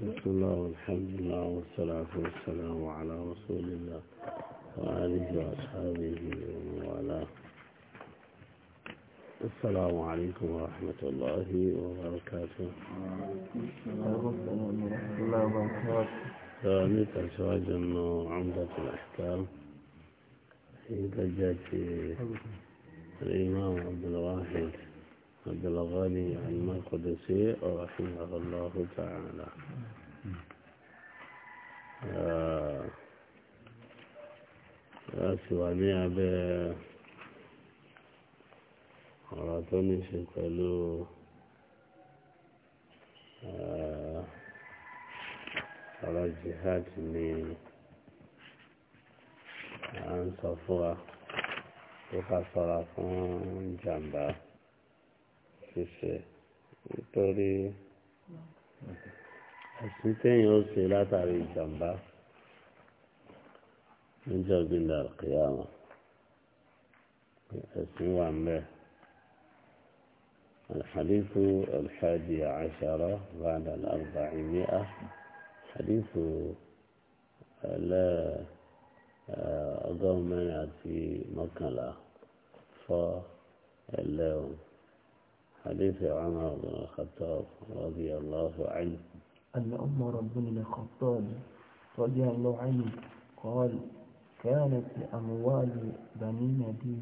بسم الله والحمد لله والصلاة والسلام على رسول الله وآله وأصحابه وعلى السلام عليكم ورحمة الله وبركاته ورحمة الله وبركاته نتعى سواج أنه عمدة الأحكام في دجاج الإمام عبد الواحد عبد علم المقدسي رحمه الله تعالى سواني أبي أراتوني شكلو على الجهات من عن صفوة وخسرة جنبه ṣiṣẹ́ nítorí ẹ̀sìn téèyàn ó ṣe látàrí ìjàmbá níjọ́ gbìndà kìyàmù ẹ̀sìn wà ń bẹ́ẹ̀. الحديث الحادي عشر بعد الأربعمائة حديث لا أقوم منع في مكة لا فالله حديث عمر بن الخطاب رضي الله عنه أن عمر بن الخطاب رضي الله عنه قال كانت أموال بني نبي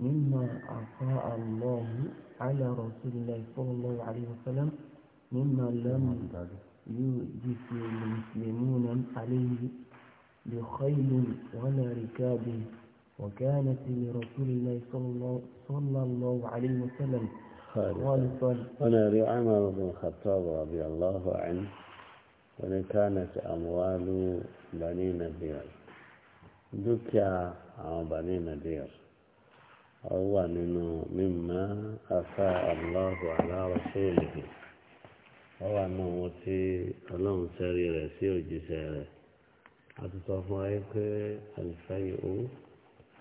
مما أعطى الله على رسول الله صلى الله عليه وسلم مما لم يجف المسلمون عليه بخيل ولا ركاب وكانت لرسول الله صلى الله عليه وسلم خالدا هنا ري عمر بن الخطاب رضي الله عنه وإن كانت أموال بني نذير دكيا عن بني نذير هو منه مما أفاء الله على رسوله هو أنه في اللهم سري رسير جساره àtúntọ́fún ayé pé àlùfáà yìí ó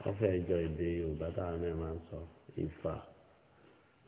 ọ̀fẹ́ ìjọ èdè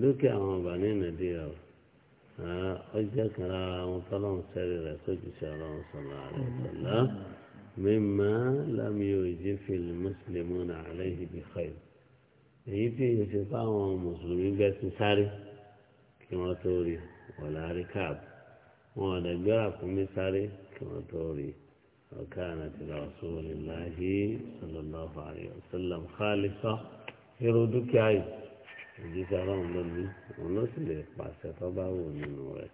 لوكي أما بنين ديال ها حجة كرا مطلوم سري رسول الله صلى الله عليه وسلم مما لم يجف المسلمون عليه بخير يجي يشفع المسلمين بس ساري كما توري ولا ركاب وانا جاك مساري كما توري وكانت رسول الله صلى الله عليه وسلم خالصة يردك عيد òjíṣẹ́ ọlọ́run ló ní òun ló sì lè pàṣẹ tó bá wù nínú rẹ̀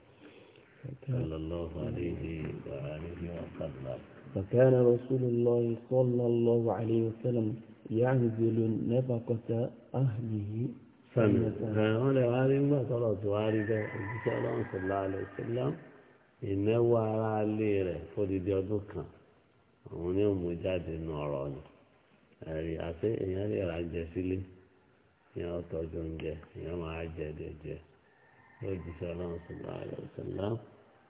sallallahu alayhi wa alihi wa sallam. فكان رسول الله صلى الله عليه وسلم يعزل نفقة أهله سنة قال واري ما صلاة واري ده إن صلى الله عليه وسلم إنه وارى عليه فدي ديودوكا ونيوم مجاد النوراني يعني أسي يعني راجع سيلي èèyàn tọ́jú oúnjẹ èèyàn máa jẹ jẹjẹ yóò jíṣẹ́ ọlọ́run sọ̀rọ̀ àlọ́ sọ̀rọ̀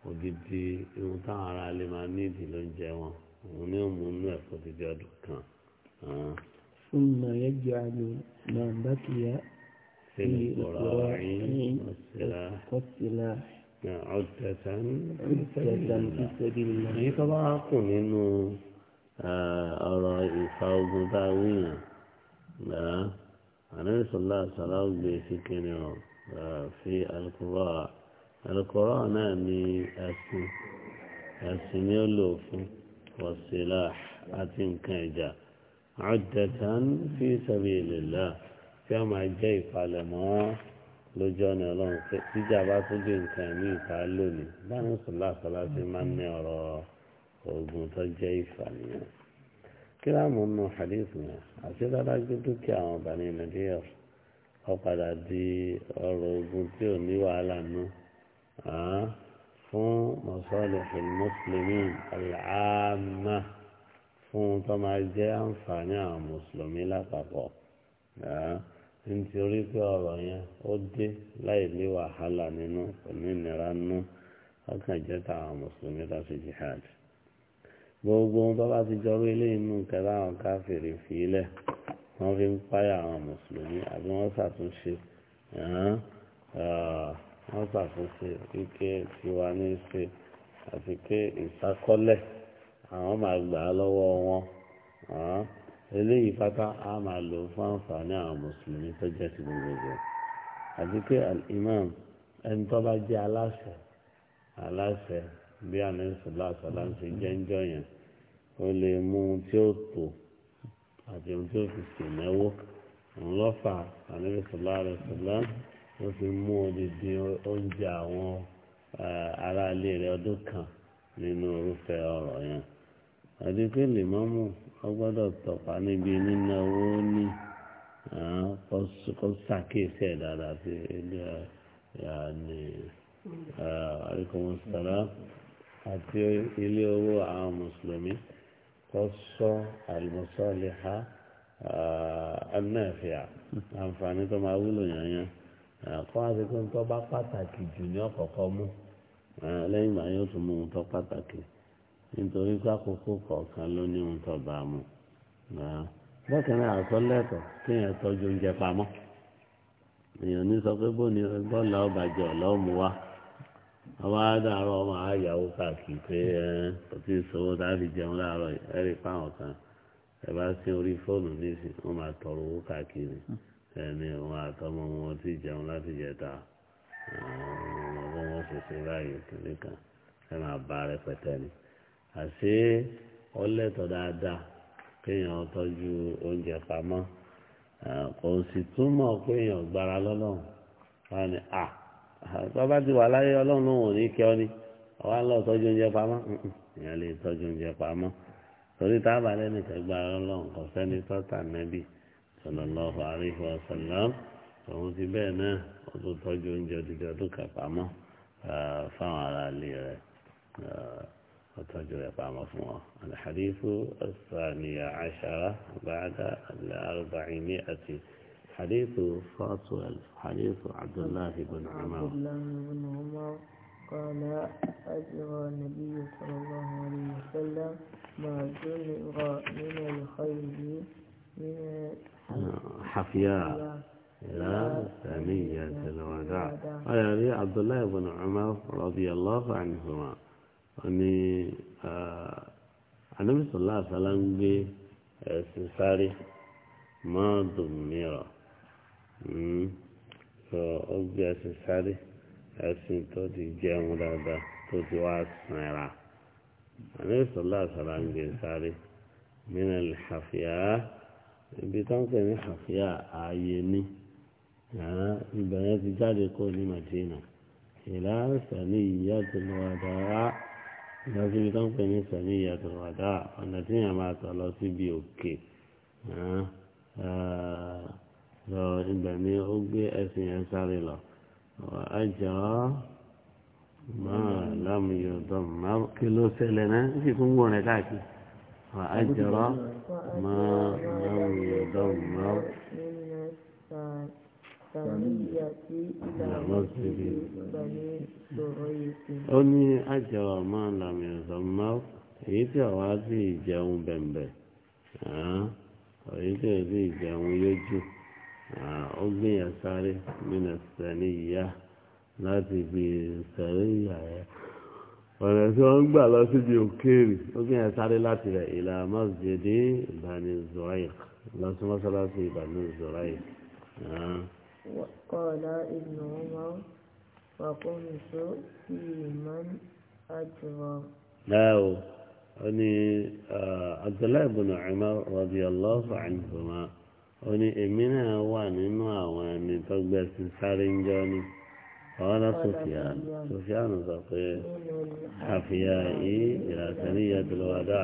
ògidì ohun táwọn ará ilé máa ní ìdí ló ń jẹ wọn òun ní òun nú ẹ̀fọ́ dídí ọdún kan. fún mi ẹ jẹ́ àlọ́ náà bá kì í yá sí ìkọ̀rọ̀ ọ̀rìn kọ́sílà ọ̀dẹ̀tàn fi ṣẹ́bi lọ. èyí tó bá kù nínú ọ̀rọ̀ ìfà ogun tá wíyàn ànábì sọlá sọlá gbé sí kíni ọ fi alukóra alukóra náà ní ẹsìn ẹsìn ni ó lò fún wọsílà àti nǹkan ìjà àdẹtàn fi sabilillah tí a máa jẹ ìpalẹ̀mọ́ lójú ọ̀nà ọlọ́run pé jíjà bá tún dé nǹkan ẹ̀mí ìta lónìí báyìí sọlá sọlá ti máa ń ní ọ̀rọ̀ ogun tó jẹ́ ìfàníyàn kíláàmù nù hadith yẹn àti dádájú dúkìá àwọn bani nàìjíríà ó padà di ọ̀rọ̀ ogun tí ò ní wàhálà nù fún mọ̀sálìhì mùsùlùmí àlàámà fún tó máa jẹ́ àǹfààní àwọn mùsùlùmí lápapọ̀ nítorí pé ọ̀rọ̀ yẹn ó dé láì ní wàhálà nínú kò ìnira nù ọkàn jẹ́ tàwọn mùsùlùmí tó jihad gbogbo ohun tó bá ti jọrú ilé inú nǹkan láwọn káfíìrì fìlẹ̀ wọ́n fi ń páyà àwọn mùsùlùmí àbí wọ́n ṣàtúnṣe wọ́n ṣàtúnṣe wípé tiwa ní í ṣe àti pé ìṣàkọ́lẹ̀ àwọn máa gbà á lọ́wọ́ wọn eléyìí pátá a máa lò fún àǹfààní àwọn mùsùlùmí tó jẹ́ ti gbogbo àti pé al-imam ẹni tó bá jẹ́ aláṣẹ aláṣẹ bí àníṣùlá àṣàlá ń ṣe jẹ́ńjọ́ yẹn ó lè mú un tí ó tò àti ohun tí ó fi sè náwó òun lọ́fà àníṣùlá ó fi mú odidi oúnjẹ àwọn aráalé rẹ̀ ọdún kan nínú orúfẹ́ ọ̀rọ̀ yẹn àti pé lèmọ́mù ọ gbọ́dọ̀ tọ̀pa níbi níná owó ní kó ṣàkíyèsí ẹ̀ dáadáa sí ilé ẹ̀ ní àríkọ́mọ́sára àti ilé owó àwọn mùsùlùmí tó sọ àlùmọ́sọ́lẹ́há anáfíà àǹfààní tó máa wúlò yànyàn kọ́ àti pé tó bá pàtàkì jù ní ọ̀kọ̀ọ̀kọ̀ mú lẹ́yìn ìgbà yóò tún mú un tó pàtàkì nítorí pé àkókò kọ̀ọ̀kan ló ní ohun tó bá mu bákan náà àtọ́lẹ́tọ̀ kéèyàn tọ́jú oúnjẹ pamọ́ èèyàn ní sọ pé bóni bọ́ọ̀lù ọ̀bàjẹ́ ọ̀lọ́ọ̀mù wa àwọn adáàrọ̀ ọmọ àyàwó káàkiri pé ẹ kò tí ì sọ́wọ́ tá a fi jẹun láàárọ̀ ẹ rí fáwọn kan ẹ bá sí orí fóònù nísìn wọ́n máa tọrọ owó káàkiri ẹni wọn àtọmọ wọn ti jẹun láti jẹta ọmọ wọn ṣẹṣẹ báyìí kìnìún kan ẹ máa bá rẹpẹtẹ ni àṣé ọlẹ́tọ̀ dáadáa kéèyàn tọ́jú oúnjẹ pamọ́ kò sì túmọ̀ kéèyàn gbára lọ́lọ́run wọn ni à tó bá ti wà láyé ọlọ́run lòun ò ní kí ọ ni ọwọ́ ń lọ tọ́jú oúnjẹ pamọ́ ìyẹn lè tọ́jú oúnjẹ pamọ́ torí táàbà lẹ́nìkan gba ọlọ́run kò sẹ́ni tọ́tà nẹ́bì sallallahu alaihi wa sallam òun ti bẹ́ẹ̀ náà ó tún tọ́jú oúnjẹ dídí ọdún kan pamọ́ fáwọn ará ilé rẹ̀ ó tọ́jú rẹ̀ pamọ́ fún wọn. al-hadithu ath-thaniya ashara ba'da al-arba'iniyati. حديث فاطمة حديث عبد الله بن عمر عبد الله بن عمر قال أجرى النبي صلى الله عليه وسلم ما جرى من الخير من حفياء لا ثانية الوداع قال عبد الله بن عمر رضي الله عنهما أني آه، النبي صلى الله عليه وسلم بسفاره إيه، ما دميره sọ ọgbẹ́ ẹ̀sìn sáré ẹ̀sìn tó ti jẹun dáadáa tó ti wá sanra àlẹ́ sọ́lá sọ́lá ń gbé sáré nínú ìhàfíà ibi tó ń ní ìhàfíà ààyè ni ibẹ̀ yẹn ti jáde kó ní Madina ìlà sàní ìyá tó lọ wá dáa lọ síbi tó ń pè ní sàní ìyá tó lọ wá dáa ọ̀nà tí yẹn máa tọ̀ lọ síbi òkè ibẹ̀ ni ó gbé ẹ̀sìn yẹn sáré lọ àjọ máa lámúyọ̀ dọ̀mà kí ló ṣẹlẹ̀ náà ó sì tún wò rẹ̀ káàkiri àjọ máa lámúyọ̀ dọ̀mà. ó ní àjọ máa lámúyọ̀ dọ̀mà èyí tí àwa sì jẹun bẹ̀m̀bẹ̀ èyí tí èyí sì jẹun yójú ó gbé yẹn sáré nínú sẹ́ni ìyá láti fi sẹ́rí ìyá yẹn ọ̀nà tí wọ́n ń gbà lọ síbi òkèèrè ó gbé yẹn sáré láti rẹ̀ ìlà mọ́sídìí Bani Zu'ayq lọ sí mọ́sálásí Bani Zu'ayq. قال ابن عمر وقمت في من أجرى لا أني عبد الله بن عمر رضي الله عنهما ó ní èmi náà wà nínú àwọn ẹni tó gbẹ́sìn sáré ń jọ ní ọ̀rọ̀ sofiyan sofiyan sọ pé àfihà yìí ìràsẹ̀níyà tìlọ́wọ́dá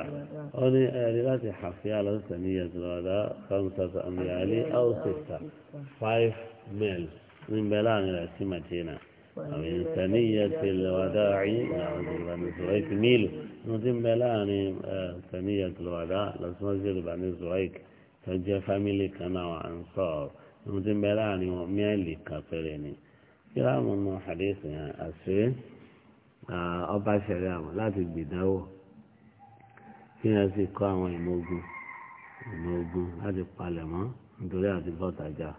ó ní ẹ̀rí láti àfihà lọ́sẹ̀níyà tìlọ́wọ́dá kọ́nsọ̀tà àmìyàlí áùsìtà five miles níbẹ̀ láàrin rẹ̀ sí Madina àwọn ìsẹ̀níyà tìlọ́wọ́dá yìí àwọn ìbànúsọ̀rọ̀ ìfìmílù ní ti ń bẹ láàrin ìsẹ̀níyà tìlọ́wọ́dá lọ́sọ́sọ́ ìbànúsọ̀rọ̀ ìkà tó jẹ́ fámìlì kan náà à ń sọ ohun tí ń bẹ láàrin wọn mílì kan péré ni kíláàmù nù àdéhùn yẹn àṣé ọba ṣẹlẹ̀ àwọn láti gbìdánwò kí wọn sì kọ àwọn ìmọ̀ ogun ìmọ̀ ogun láti palẹ̀ mọ́ nítorí àti bọ́tàjà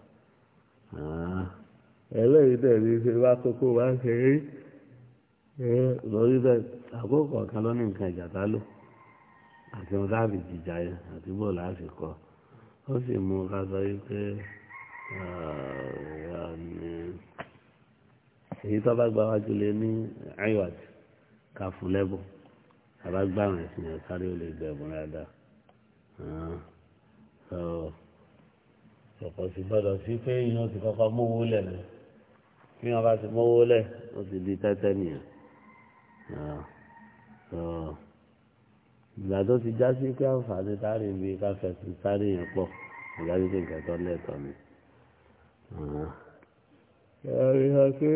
ẹlẹ́yìn náà ṣe wá kókó wá ṣe rí lórí bẹ́ẹ̀ àkókò kan ló nǹkan ìjà tá lò àti wọn láàbì jìjà yẹn àti bò láàbì ó sì mú ká sọ wípé èyí tó bá gba wájú lé ní iwad ká fún lẹ́bùn àbá gbà wọn ẹ̀sìn yẹn sáré ó lè gbẹ̀bùn dáadáa ọ̀pọ̀ sì gbọ́dọ̀ sí pé iná ti kọ́kọ́ mówó lẹ̀ ní bí wọ́n bá ti mówó ìgbà tó ti já sí pé àǹfààní sáré mi ká fẹ̀sùn sáré yẹn pọ̀ ìgbà tó ti nǹkan tó lẹ́tọ̀ mi. ẹ̀rí hàn pé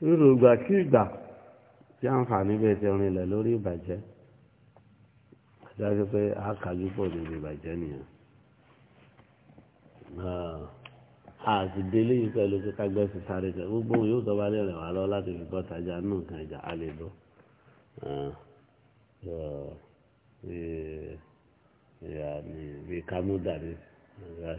nínú ìgbà kí ìgbà tí àǹfààní bẹ́ẹ̀ ti rinlẹ̀ lórí ìbàjẹ́ àjáde pé a kàjú pọ̀ nínú ìbàjẹ́ nìyẹn. a sì délé yìí pẹ̀lú pé kágbẹ́sì sáré kan gbogbo òun yóò tọ́ bá lè wá lọ láti fi bọ́ tajà nù kan ìjà á lè lọ. Yeah yani eh, eh, bíi kámúdà ní eh,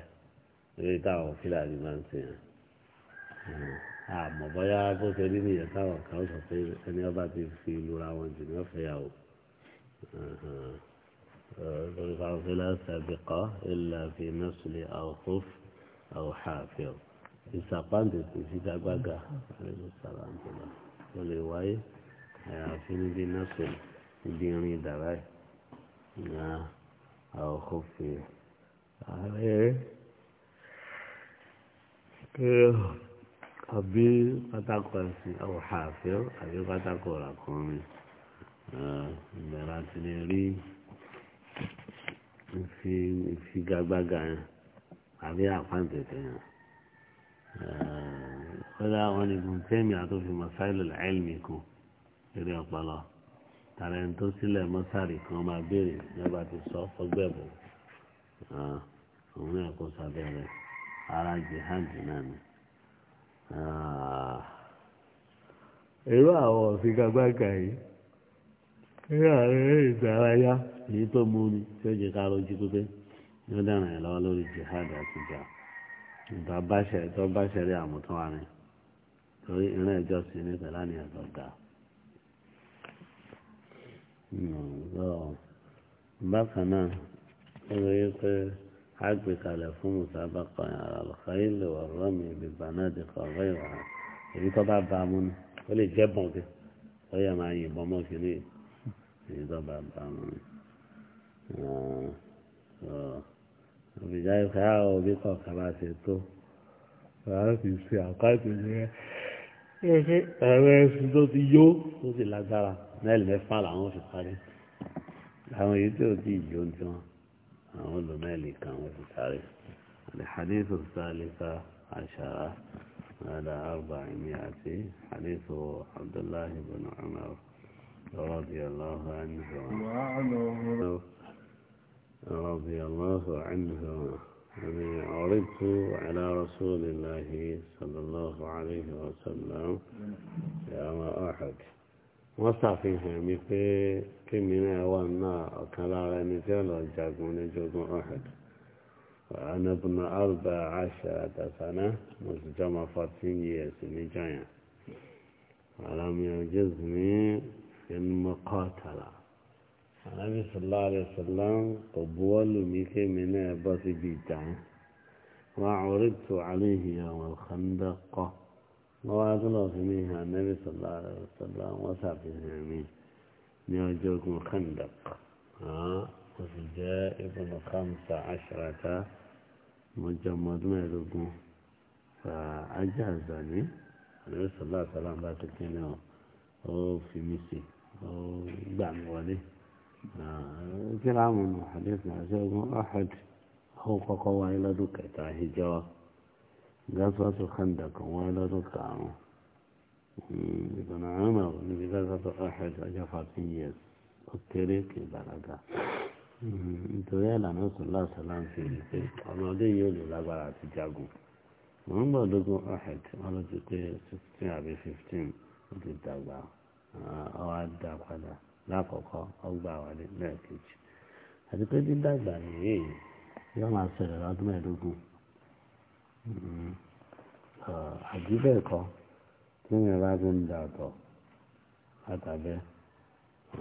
eré táwọn fúlàní máa ń sìn yẹn àmọ́ bóyá bó ṣe rí nìyẹn táwọn kan sọ pé ẹni ọba ti fi lura wọn jù ní ọ̀fẹ́ yà o lórí fáwọn fúlàní sàbẹ̀kọ́ ilà fi nọ́sùlẹ̀ àwòkóf àwòhàfẹ́ o ìsàpáǹdè kò sí dágbága àlejò sàlàǹdè lọ lè wáyé àyàfi níbi nọ́sùlẹ̀ ibi irin dàrá yìí. نعم أو خفي عليه àbí pátákó ẹ̀sìn ọ̀hún àfẹ́ àbí pátákó ọ̀ràkùnrin ìbẹ̀rẹ̀ eh, àti lè rí ìfigagbága yẹn àbí àpáǹtẹ̀tẹ̀ yẹn. Eh, kódà wọn ni gùn tẹ́mi àtòfin masáìlì ẹ̀lmì kù eré ọpọlọ tààrà ẹni tó sílẹ̀ mọ́sàrì kan máa béèrè nígbà tó sọ fọgbẹ́bù òun náà kó sábẹ́rẹ́ ara jihad náà ni. irú àwọn ọ̀figagbága yìí ní àárẹ̀ ìdárayá èyí tó mú ni tí ó jẹ ká lójú pípé ní ó dára ẹ̀ lọ́wọ́ lórí jihad àti ìjà ìtọ́ bá ṣẹ̀rí àmútọ́wá ni torí ìrìn ẹ̀jọ́ sí ní pẹ̀lú àníyàn tó dáa. Hmm, bákan náà ó lè yẹ pé àgbè kalẹ̀ fún mùsàbákà àlàkàyè lè wà rọ́ọ̀mì ìbìbà náà di kọ̀ọ̀rọ̀ ìwà èyí tó bá bá a mú ni ó lè jẹ́ bọ̀ǹkì ó yẹ máa yìnbọn mọ́ kínní èyí tó bá bá a mú ni. òbíjà hmm, ìfẹ́ àwọn òbí kọ̀ọ̀kan bá ṣe tó wàá fi ṣe àkáàtì yẹn ẹ̀rọ ẹ̀sìn tó ti yó tó ti lágbára. mẹ́lì mẹ́fà làwọn fi parí àwọn èyí tí ò tí ì jó tí wọn الحديث الثالثة عشرة على أربعمائة حديث عبد الله بن عمر رضي الله عنه رضي الله عنه أني عرضت على رسول الله صلى الله عليه وسلم يوم أحد wọ́n ṣàfihàn mi pé kémi náà wà náà ọ̀kan lára ẹni tí ọ̀lọ́ jagun ní jogun ọ̀hẹ́d anabuna alba aṣa àtàsánà mo sì jọ ma fourteen years níjọ yẹn alamiyan jésù ní ẹnu mọ́kọ́tàlá anabi sallallahu alayhi wa sallam kò buwọ́ lù mí kémi náà bọ́ síbi ìjà yẹn wọ́n àwòrán tó àléhìí àwọn kàńdà kọ́ wọ́n wá tó lọ fi mí hàn nẹ́bí sọ̀lá rẹ̀ sọ̀lá wọ́n ṣàfihàn mí ní ọjọ́ ogun khandak ah, ó sì jẹ́ ibùdó khamsa ashrata mo jẹ́ ọmọ ọdún mẹ́ẹ̀ẹ́dógún ah, ajá àzàní nẹ́bí sọ̀lá sọ̀lá bá ti kí ni ó fi mí sí ó gbà mí wọlé ah, kí láàmú nù àdéhùn àṣẹ ogun ọ̀hẹ́d ó kọ́kọ́ wáyé lọ́dún kẹta ìjọ. غزوة الخندق ومعادة الطعام ابن عمر من غزوة أحد أجفاتية الطريق بلده nítorí àlànà sọlá sọlá ń fi rí pé ọmọdé yóò lè lágbára àti jagun wọn ń gbọdọgún ọhẹd wọn ló ti pé sixteen àbí fifteen ó ti dàgbà ọwọ àdá padà lákọ̀ọ́kọ́ ọgbà wálé lẹ́ẹ̀kejì àti pé dídàgbà nìyí yóò máa ṣẹlẹ̀ lọ́dún mẹ́ẹ̀ẹ́dógún Mm-hmm. Ah, àbí bẹ́ẹ̀ kọ́ tí yẹn bá ti ń da ọ̀tọ̀ látàbẹ́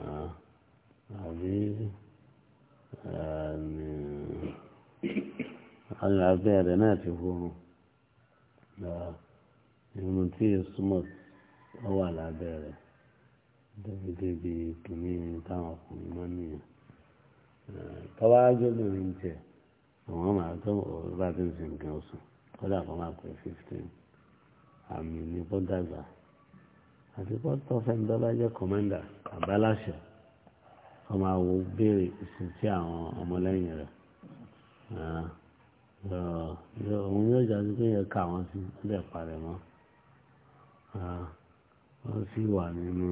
ah, àbí àwọn eh, abẹ́ rẹ̀ náà ti fúnrun ah, irun tí súnmọ́ ọ wà lábẹ́ rẹ̀ débi-débi kìíní táwọn ọkùnrin máa ń nìyẹn tọ́wájú lórí ń àwọn máa tó bá ti ń sin nǹkan oṣù kódà kó máa pè fifteen àmì ní kó dàgbà àti kó tọ́fẹ́ ńdọ́lá jẹ́ kọ́mẹ́ndà àbáláṣẹ kó máa wo béèrè ìsìn sí àwọn ọmọlẹ́yìn rẹ̀ òun yóò jáde pé yẹ ká àwọn sí ilé ìparẹ́ mọ́ wọ́n sì wà nínú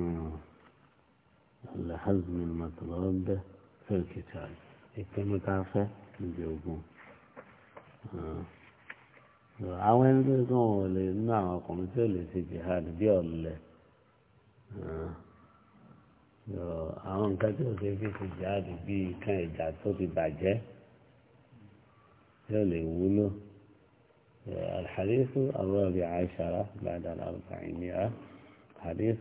alhazmi matalabe fẹ́ẹ̀kìtà ìpinnu tá a fẹ́ níbi ogun. عوين قول ما قوم تقول في جهاد بيول عوين كتير في في جهاد بي كان جاتو في بعجة تقول يقولوا الحديث الرابع عشرة بعد الأربعمائة حديث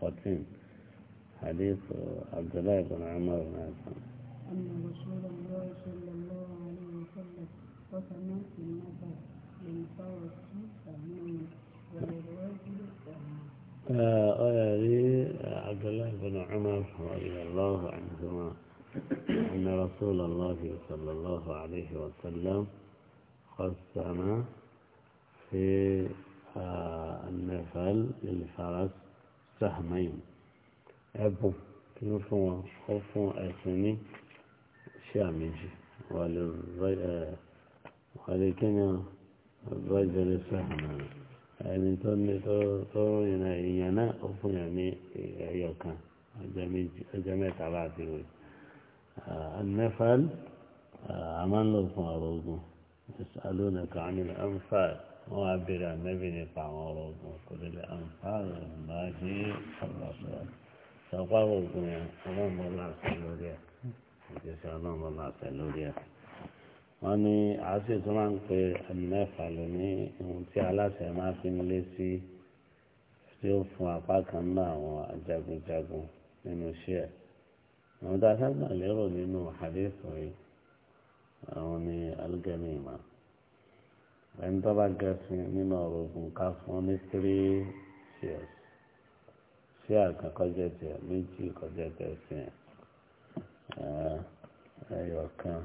فاطين حديث عبد الله بن عمر بن عثمان أن رسول الله صلى الله عليه وسلم وكما آه، في النظر للفوت فهمه وللواجب فهمه هذه عبد الله بن عمر رضي الله عنهما أن رسول الله صلى الله عليه وسلم قسم في آه، النفل للفرس سهمين أبو تنفوا خوفوا أسني شامج وللرجل آه، ولكن الرجل السهم يعني تني تورينا إيانا أفن يعني يوكا جميع تعلاتي النفل عمل لكم أروضو يسألونك عن الأنفال وعبر عن نبي نقع أروضو كل الأنفال ما هي الرسول سأقرأ لكم يا الله الله سلوريا جزا الله الله سلوريا wọ́n ní àásì tó máa ń pe ẹ̀mẹ́fà ló ní ohun tí aláṣẹ máa fi ń lé sí tí ó fún apá kan náà àwọn ajagunjagun nínú iṣẹ́ ẹ̀ àwọn tá a sábà lérò nínú àdéhùn yìí àwọn ní alúgẹ́mì ìmọ̀ ẹni tó bá gẹ̀ẹ́sìn nínú ọ̀rọ̀ ogun ká fún ní three shares share kan kọjá tiẹ̀ méjì kọjá tẹ̀sìn ẹ̀ ẹ̀yọ̀ kan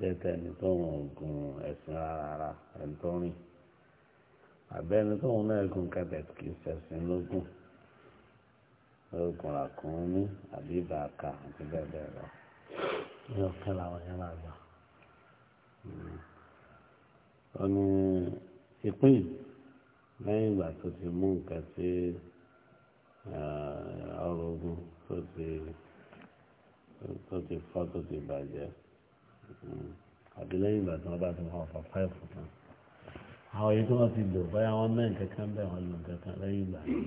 jẹ́ tẹni tó ń gun ẹ̀sìn rárá ẹni tó rìn àbẹ́ni tó ń náà gun kẹtẹ kì í ṣẹ̀sìn lógún lóògùn ràkúnmí àbí ìbàkà àti bẹ́ẹ̀ bẹ́ẹ̀ lọ ní ọ̀kẹ́ làwọn yẹn máa gbà. ọ̀nà ìpín lẹ́yìn ìgbà tó ti mú nǹkan tí ọrọ̀ ogun tó ti fọ́ tó ti bàjẹ́. àbí lẹ́yìn ìgbà tí wọ́n bá ti wọ́n fọ fáìfù tán àwọn èyí tí wọ́n ti lò báyà wọ́n mẹ́rin kankan bẹ́ẹ̀ wọ́n lò kankan lẹ́yìn ìgbà yẹn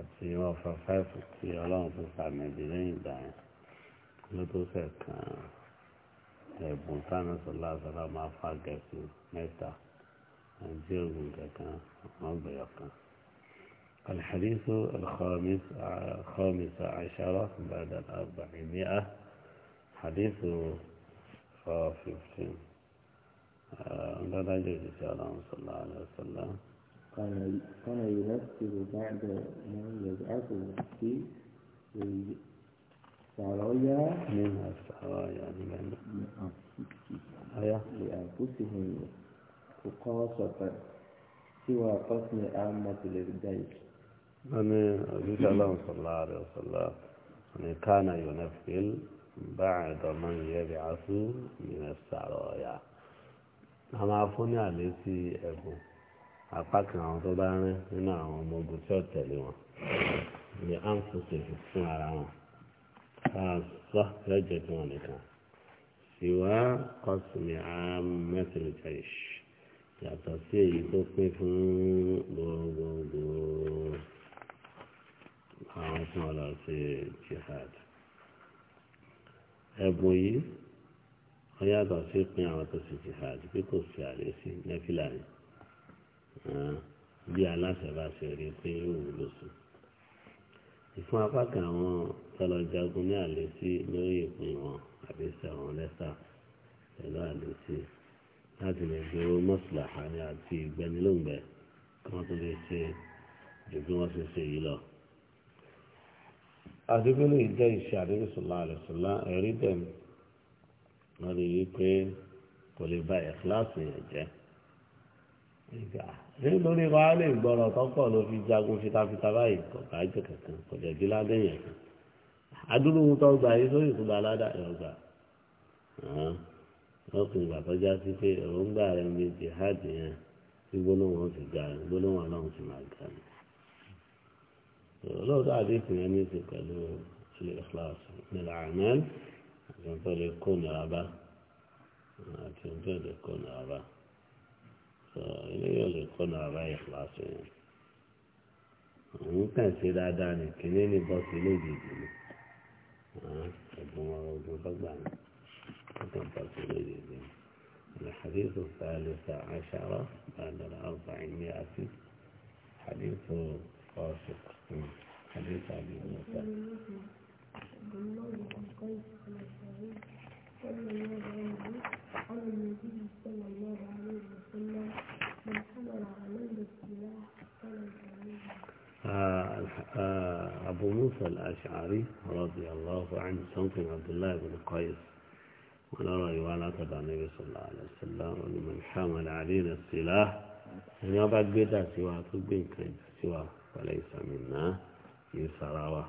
àti wọ́n fọ fáìfù tí ọlọ́run tó sàmì ẹ̀dẹ̀ lẹ́yìn ìgbà yẹn ló tó fẹ́ kan ẹ̀bùn tánà sọlá sọlá máa fa gẹ̀ẹ́sì mẹ́ta àti ògùn kankan wọ́n gbẹ̀yọ̀ kan. الحديث الخامس خامس عشرة بعد الأربعمائة حديث 415 عندنا جزء سلام صلى الله عليه وسلم قال كان يذكر بعد من يبعثه في السرايا منها السرايا لأنفسهم فقاصة سوى قسم عامة للديك أنا أبي سلام صلى الله عليه وسلم كان ينفل بعد من يبعث من السرايا a máa a ní àlésí a apá kan àwọn tó bá rìn nínú àwọn ọmọ ogun tí ó tẹ̀lé wọn ní ara wọn sọ lẹ́jọ́ tí siwa kọ́sìmì àmẹ́tìrì yàtọ̀ sí èyí tó pín fún gbogbogbò àwọn tí jihad. ẹ̀bùn yìí wọ́n yàtọ̀ sí pin àwọn tó sì ti hàdí pé kò sí àlésí nẹ́fìlà ni bí aláṣẹ bá ṣe rí pé yóò wúlò sí ìfún apá kan àwọn tọlọjagun ní àlésí lórí ìpín wọn àbí sẹwọn lẹsà pẹ̀lú àlésí láti lè gbèrò mọsùlùmí àti ìgbẹnilóǹgbẹ kí wọn tó lè ṣe ju bí wọn ṣe ṣe yìí lọ àdúgbòlè jẹ́ ìṣẹ́ àdébísọ̀lá àlẹ́sọ̀lá ẹ̀rí dẹ̀m wọ́n lè rí pé kò lè ba ìkíláàsì yẹn jẹ́ nítorí wa lè gbọ́rọ̀ tọ́pọ̀ ló fi jagun fitafita báyìí kò bá jẹ kankan kò jẹ bí ládé yẹn kan adúlóhun tó gba yìí sórí ìkúgba aládà ẹ̀ ọgbà wọ́n kò gbà kọjá sí pé èròǹgbà rẹ̀ ń bí jihad yẹn tí gbólóhùn ti ga gbólóhùn ọlọ́run ti máa ga ni. لو ده حديث يعني قالوا الإخلاص من الأعمال عشان تقول يكون أبا عشان تقول يكون أبا فإليه يكون أبا إخلاص يعني ممكن سيدا داني كنيني بس إليه جيجي الحديث الثالث عشرة بعد مئة حديث فاسق حديث آه، أبو موسى الأشعري رضي الله عنه صنف عبد الله بن قيس ونرى يوالا تبع النبي صلى الله عليه وسلم ومن حمل علينا السلاح يعني أن يبعد بيتا سواه تبين كريم سواه فليس منا kìí sara wa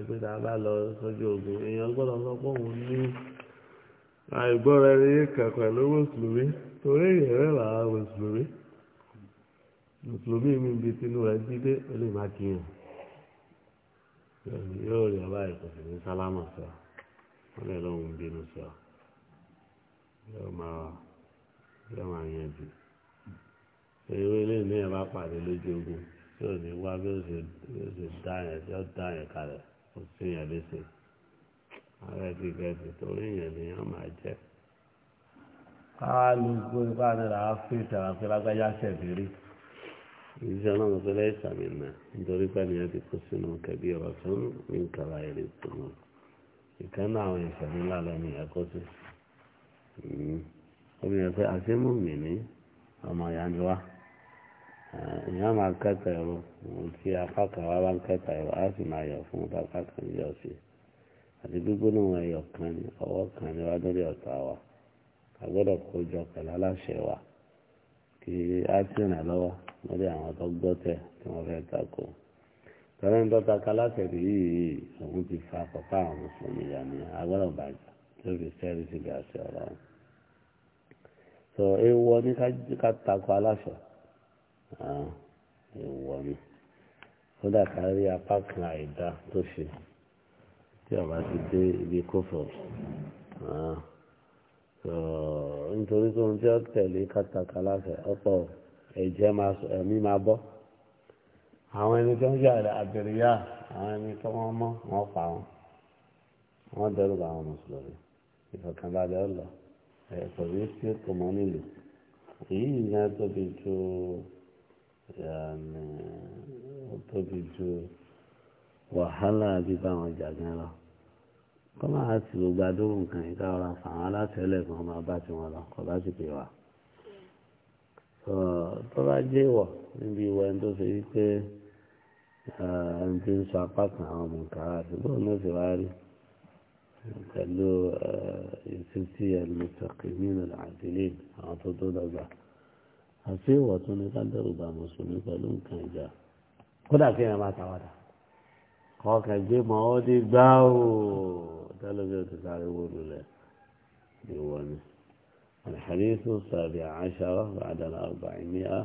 ìgbẹ́ tá a bá lọ sójú ogun èèyàn gbọ́dọ̀ sọ pé òun ní àìgbọ́ra ẹni kà pẹ̀lú mùsùlùmí torí èèyàn rẹ̀ là á mùsùlùmí mùsùlùmí mi bi tinú rẹ̀ dídé ó lè má ewé lẹ́yìn náà bá pàdé lójú ogun tí ò ní wá bí ó ṣe dá yẹn tí ó dá yẹn kalẹ̀ ó sì yẹn léṣe ààrẹ ti gẹ̀ẹ́sì torí yẹn ni wọ́n máa jẹ́ kálukú ipá nílà áfíríkà àti lágbájá ṣẹ̀bìrì ìṣẹ́ náà tó lẹ́yìn sàmì náà nítorí pé nìyẹn ti kó sínú kẹbí ọ̀rọ̀ tó ń ní nkàrà èrè tó ń ìkan náà àwọn ìṣẹ̀lẹ̀ ńlá lẹ́nu ìyẹn kó sí obìnrin hmm. pé àṣemú mi ní ọmọ ìyá ni èèyàn máa kẹta ẹ̀rọ tí apá kan wá bá ń kẹta ẹ̀rọ á sì máa yọ̀ fún apá kan yọ sí àti gbígbóná ẹ̀yọ̀ kan ní ọwọ́ kan ní wá lórí ọ̀tá wa a gbọ́dọ̀ kójọ pẹ̀lú aláṣẹ wa kí á sì ràn lọ́wọ́ lórí àwọn tó gbọ́tẹ̀ tí wọ́n fẹ́ takò tọ́lẹ́ ń dọ́ta kálásẹ̀tì yìí òun ti fa kọ́kọ́ àwọn mùsùlùmí yà ní agbọ́dọ̀ bàjẹ́ tó fi sẹ́rí sí gàṣẹ́ ọ̀rọ̀ so ewu ọ ní ká takò aláṣẹ ìwọ ni kódà kárí apá kan àìdá tó ṣe tí ọba ti dé ibi kófò nítorí pé ohun tí ó tẹ̀lé kátàkà láfẹ̀ ọ̀pọ̀ ẹ̀jẹ̀ ẹ̀mí máa bọ́ àwọn ẹni tó ń yà àbẹ̀rẹ̀yà àwọn ẹni tó wọ́n mọ́ wọ́n pa wọn wọ́n dẹ́rù bá àwọn mùsùlùmí ìfọ̀kànbalẹ̀ ọ̀lọ́ ẹ̀kọ́ yìí tí ó tó mọ́ nílùú èyí ìyẹn tóbi tó. Um, ó tóbi ju wàhálà bíbá wọn jà gan lọ kọ́ máa ti gbogbo adóhùn nǹkan yìí káwọn ra fàwọn alátẹ̀lẹ̀ kan máa bá tiwọn lọ kọ́ bá ti pè wá. tó bá jẹ́ ìwọ̀ níbi ìwọ ẹni tó ṣe wípé uh, ẹni tí ń sọ apá kan àwọn ọmọ nǹkan àti bóun náà ti wá rí pẹ̀lú ìfisí ẹni mọ̀tàkì nínú àdìlẹ́ àwọn tó tó dọ́gba. àti ìwọ̀ tó ní ká dẹ̀rù bá mùsùlùmí pẹ̀lú nǹkan ìjà kódà kí ẹ máa tàwádà kọ́ọ̀kẹ́ gbé mọ́ ó dé gbá o tẹ́lẹ̀bí ó الحديث السابع عشر بعد الأربعمائة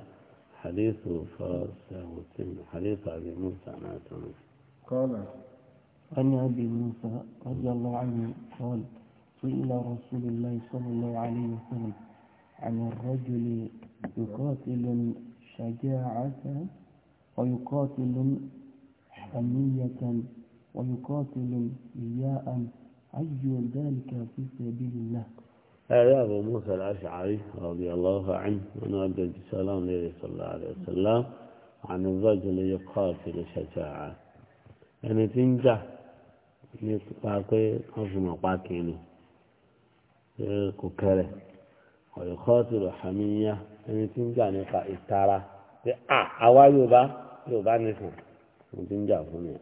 حديث فاسوتين حديث أبي موسى قال عن أبي موسى رضي الله عنه قال سئل رسول الله صلى الله عليه وسلم عن الرجل يقاتل شجاعة ويقاتل حمية ويقاتل رياء عز ذلك في سبيل الله هذا أبو موسى الأشعري رضي الله عنه من أدى السلام لله صلى الله عليه وسلم عن الرجل يقاتل شجاعة يعني تنجح nípa pé wọ́n fi حمية ẹni tí ń jà nípa ìtara pé àwa yorùbá yorùbá nìkan ẹni tí ń jà fún mi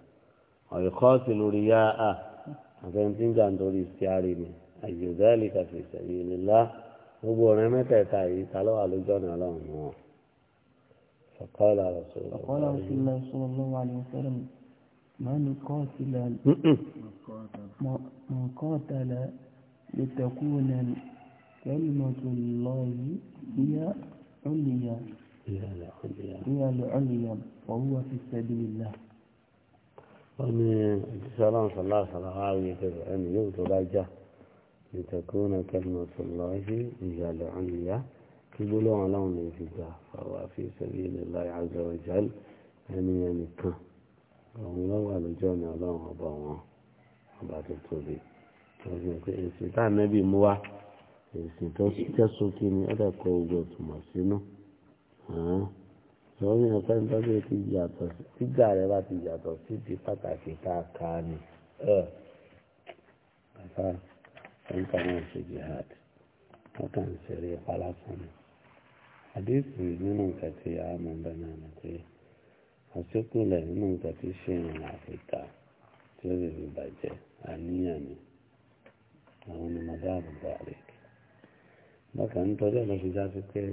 ọ̀yẹ̀kọ́ sì lórí yá à àfẹn tí ń jà nítorí ìsíárì mi àyùbẹ́ẹ̀lì kàfi ìsẹ̀lẹ̀ ìlélá gbogbo ọ̀rẹ́ mẹ́tẹ̀ẹ̀ta yìí ta ló wà lójú ọ̀nà ọlọ́run wọn. فقال رسول الله فقال رسول الله صلى الله عليه وسلم من قاتل من قاتل لتكون كلمة الله هي العليا هي العليا وهو في سبيل الله ومن سلام صلى الله عليه وسلم أن يوتو راجع لتكون كلمة الله هي العليا يقولون لون في الله فهو في سبيل الله عز وجل أن ينكه وهم لو قالوا جانا لهم أبا الله أبا تطوبي فهو في النبي مواه èsì tó tẹ̀sùn kí ni ọ̀dà kọ ogun ọ̀tùmọ̀ sínú ṣọ́ ní ọ̀pẹ́ ní tọ́jú ti yàtọ̀ sí tíjà rẹ̀ bá ti yàtọ̀ sí ti pàtàkì káàká ni bàbá ẹ̀ńkà náà ṣe jihad wọ́n kàn ń ṣeré pálásán ni àdéhùn nínú nǹkan tí a mọ̀ bẹ́ẹ̀ náà ni pé àṣekù nínú nǹkan tí ṣe ìrìn àfíkà tí ó lè fi bàjẹ́ àníyàn ni àwọn ni mo dáàbò bá bákan nítorí ẹ̀ ló fi já sí pé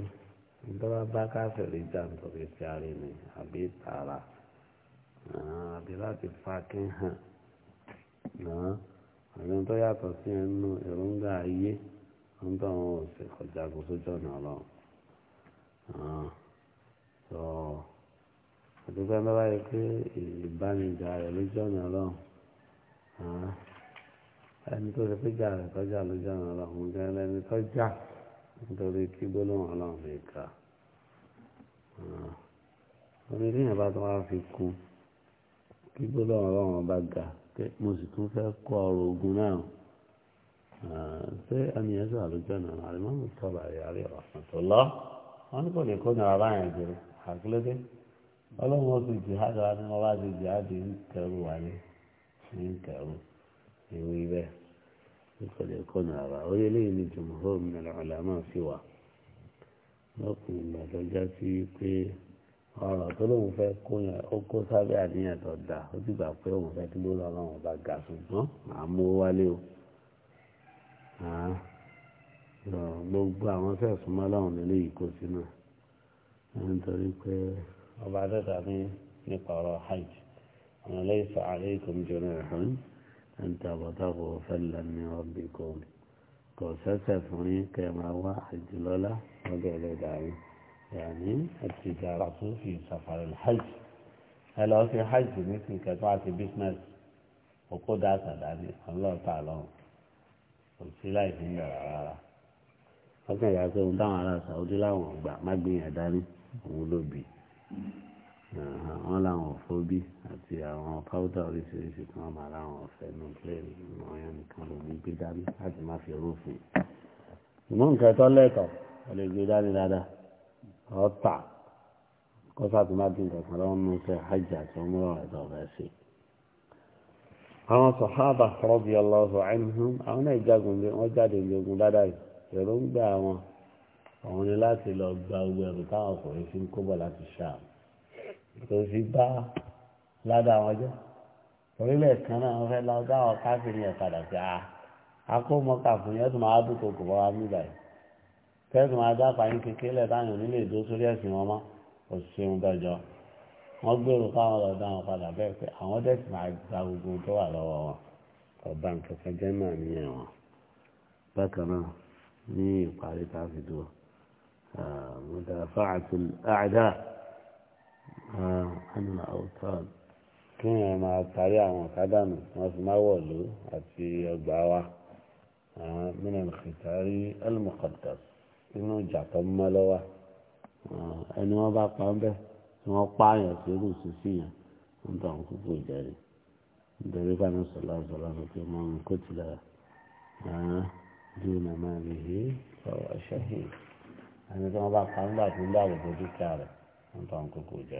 ìjọba bá káfíìrì jà nítorí ti ara ẹni àbí tààrà àbí láti fa kí hàn náà àbí tó yàtọ̀ sí ẹnu èròǹgbà ayé ń tọ́ àwọn òsè kọjá kó sójú ọ̀nà ọlọ́run sọ àdúgbò ẹ̀ bá yẹ pé ìbánijà rẹ̀ lójú ọ̀nà ọlọ́run ẹni tó ṣe pé jà rẹ̀ kọjá lójú ọ̀nà ọlọ́run gẹ́gẹ́ lẹ́ni tó jà nítorí kí gbólóhùn ọlọ́run fi kà ah, orí tí yẹn bá tó wá fi kún kí gbólóhùn ọlọ́run bá ga mo sì tún fẹ́ kọ́ ọ̀rọ̀ ogun náà ah, ṣé ẹni yẹn sọ̀rọ̀ lójú ọ̀nà àlùmọ́ mi sọ bàrẹ̀ àárẹ̀ ọ̀sán tó lọ wọn ní kò lè kó ní ara yẹn jẹ àkílẹ́dẹ́ ọlọ́run ó fi jìhádà ni wọ́n bá ti jìhádì ń kẹrù wáyé ń kẹrù ìwé bẹ́ẹ̀ ìfọ̀lẹ̀ ẹ̀kọ́ náà جمهور من العلماء سوى jùmọ̀hó mi lọ́la máa fi wà lọ́kùnrin ìgbà tó já sí pé ọ̀rọ̀ tó lóun fẹ́ kó yẹn ó kó sábẹ́ àníyàn tó dà ó sì gbà pé òun fẹ́ kí ló lọ́ lọ́wọ́ bá ga ṣùgbọ́n màá mú wálé o gbogbo àwọn fẹ̀sùn mọ́ láwọn nílé yìí kó sínú nítorí pé ọba dẹ́ta ní nípa ọ̀rọ̀ hajj ọ̀nà lẹ́yìn sọ àlẹ́ ìkọ́mjọ́ náà rẹ̀ أن تبتغوا فلا من ربكم قوسة فني كما هو الجلالة وقال داعي يعني التجارة في سفر الحج هل في حج مثل كتوعة بيزنس وقود أسد يعني الله تعالى قلت لا يفهم رárá ọkàn ìyá pé ohun táwọn ará sàúdí láwọn ọgbà má gbìyànjú dání òun ló bì í wọ́n láwọn ọ̀fọ́ bí àti àwọn powder oríṣiríṣi kan máa láwọn ọ̀fẹ́ nù pléèrè àwọn èèyàn nìkan ló ní gbé dání láti má fi rófin ìmọ̀ nǹkan tó lẹ́tọ̀ ẹ lè gbé dání dáadáa ọ̀tà kọ́sà tó má dín nǹkan kan lọ́wọ́ nínú sẹ́ hajj àti ọmọràn ẹ̀dá ọ̀rẹ́ sí i àwọn sọ̀hábà rọ́bì ọlọ́sọ̀ ẹnìhún àwọn náà jagun bí wọ́n jáde ìjogun dáadáa yìí èròǹgbà ń kóbọ̀ kò sí bá ládàá wọn jẹ́ orílẹ̀ kan náà wọ́n fẹ́ lọ dáwọn káfíìn yẹn padà sí ah, a akómọkà fún yẹn tó máa dúkọ kò bá wa mí báyìí tẹ́sán máa dápa yín kékeré lẹ̀ táwọn onílé ìdó sórí ẹ̀sìn wọn mọ́ kò sí ohun tọ́jọ́ wọ́n gbèrò káwọn lọ dáwọn padà bẹ́ẹ̀ pé àwọn dẹ́sì máa gba gbogbo tó wà lọ́wọ́ wọn ọba nǹkan kan jẹ́ náà nìyẹn wọn bákan náà ní ìparí káfíìn tó mọ̀tàfà àti àdá ọ̀tàn kí wọ́n máa parí àwọn kádàmù wọ́n fi máa wọ̀ ló àti ọgbà wa nínú ìkìtàrí ẹlmọ̀kọ̀tà inú ìjà tó mọ́ lọ́wọ́ ẹni wọ́n bá pa ń bẹ́ tí wọ́n pààyàn sí irú sísí yẹn ń tàn kúkú ìjẹ́rìí nítorí fáwọn sọlá sọlá sọ pé mọ ohun kó tilẹ̀ dùn náà máa lè yé ọ̀ṣẹ́ yìí ẹni tí wọ́n bá pa ń gbà tó ń dàgbò tó dúkìá